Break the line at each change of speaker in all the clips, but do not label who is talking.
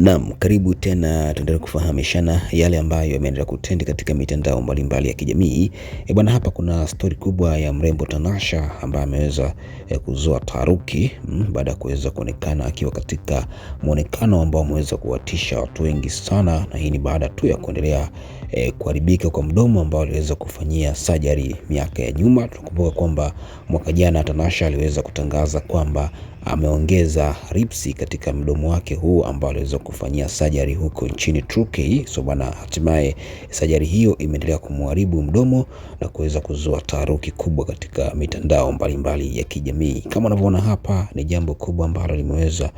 Naam, karibu tena, tuendelee kufahamishana yale ambayo yameendelea kutendi katika mitandao mbalimbali ya kijamii. E bwana, hapa kuna stori kubwa ya mrembo Tanasha ambaye ameweza eh, kuzua taharuki mm, baada ya kuweza kuonekana akiwa katika mwonekano ambao ameweza kuwatisha watu wengi sana, na hii ni baada tu ya kuendelea e, kuharibika kwa mdomo ambao aliweza kufanyia sajari miaka ya nyuma. Tunakumbuka kwamba mwaka jana Tanasha aliweza kutangaza kwamba ameongeza ripsi katika mdomo wake huu ambao aliweza kufanyia sajari huko nchini Turkey. So bana, hatimaye sajari hiyo imeendelea kumharibu mdomo na kuweza kuzua taharuki kubwa katika mitandao mbalimbali mbali ya kijamii. Kama unavyoona hapa, ni jambo kubwa ambalo limeweza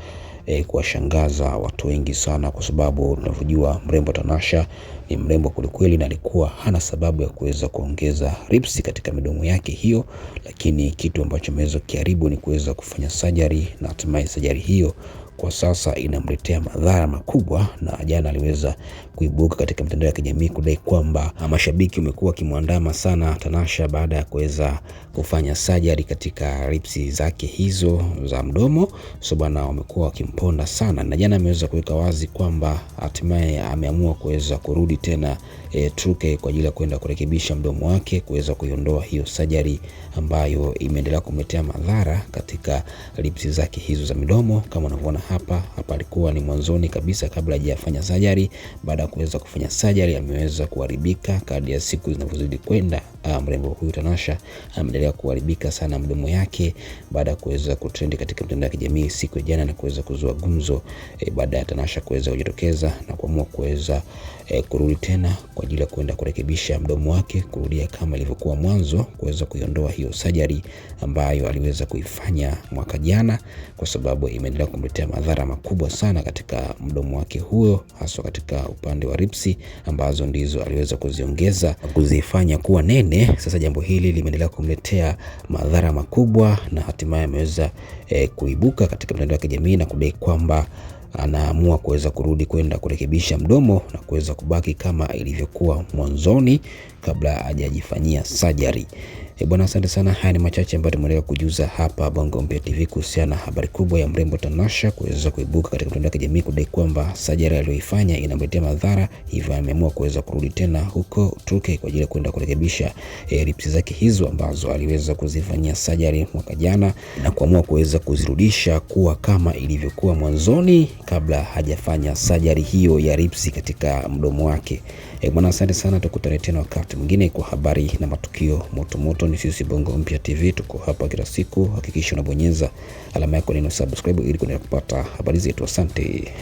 e, kuwashangaza watu wengi sana, kwa sababu tunavyojua mrembo Tanasha ni mrembo kwelikweli, na alikuwa hana sababu ya kuweza kuongeza lipstick katika midomo yake hiyo, lakini kitu ambacho ameweza kiharibu ni kuweza kufanya sajari na hatimaye sajari hiyo kwa sasa inamletea madhara makubwa, na jana aliweza kuibuka katika mitandao ya kijamii kudai kwamba mashabiki wamekuwa wakimwandama sana Tanasha baada ya kuweza kufanya sajari katika ripsi zake hizo za mdomo. So bwana, wamekuwa wakimponda sana, na jana ameweza kuweka wazi kwamba hatimaye ameamua kuweza kurudi tena e, Truke kwa ajili ya kwenda kurekebisha mdomo wake, kuweza kuiondoa hiyo sajari ambayo imeendelea kumletea madhara katika ripsi zake hizo za midomo kama unavyoona hapa hapa alikuwa ni mwanzoni kabisa kabla hajafanya sajari. Baada ya kuweza kufanya sajari, ameweza kuharibika kadri ya siku zinavyozidi kwenda uh, mrembo huyu Tanasha ah, ameendelea kuharibika sana mdomo yake baada ya kuweza kutrendi katika mtandao wa kijamii siku ya jana na kuweza kuzua gumzo e, baada ya Tanasha kuweza kujitokeza na kuamua kuweza e, kurudi tena kwa ajili ya kuenda kurekebisha mdomo wake kurudia kama ilivyokuwa mwanzo, kuweza kuiondoa hiyo sajari ambayo aliweza kuifanya mwaka jana, kwa sababu imeendelea kumletea madhara makubwa sana katika mdomo wake huo, haswa katika upande wa ripsi ambazo ndizo aliweza kuziongeza kuzifanya kuwa nene nne. Sasa jambo hili limeendelea kumletea madhara makubwa, na hatimaye ameweza e, kuibuka katika mtandao wa kijamii na kudai kwamba anaamua kuweza kurudi kwenda kurekebisha mdomo na kuweza kubaki kama ilivyokuwa mwanzoni kabla hajajifanyia sajari. E bwana, asante sana. Haya ni machache ambayo tumeeleka kujuza hapa Bongo Mpya TV kuhusiana na habari kubwa ya mrembo Tanasha kuweza kuibuka katika mtandao wa kijamii kudai kwamba sajara aliyoifanya inamletea madhara, hivyo ameamua kuweza kurudi tena huko Turkey kwa ajili ya kwenda kurekebisha e, eh, lipsi zake hizo ambazo aliweza kuzifanyia sajari mwaka jana na kuamua kuweza kuzirudisha kuwa kama ilivyokuwa mwanzoni kabla hajafanya sajari hiyo ya lipsi katika mdomo wake. E bwana, asante sana, tukutane tena wakati mwingine kwa habari na matukio motomoto moto ni sisi Bongo Mpya TV, tuko hapa kila siku. Hakikisha unabonyeza alama yako neno subscribe ili kuendelea kupata habari zetu. Asante.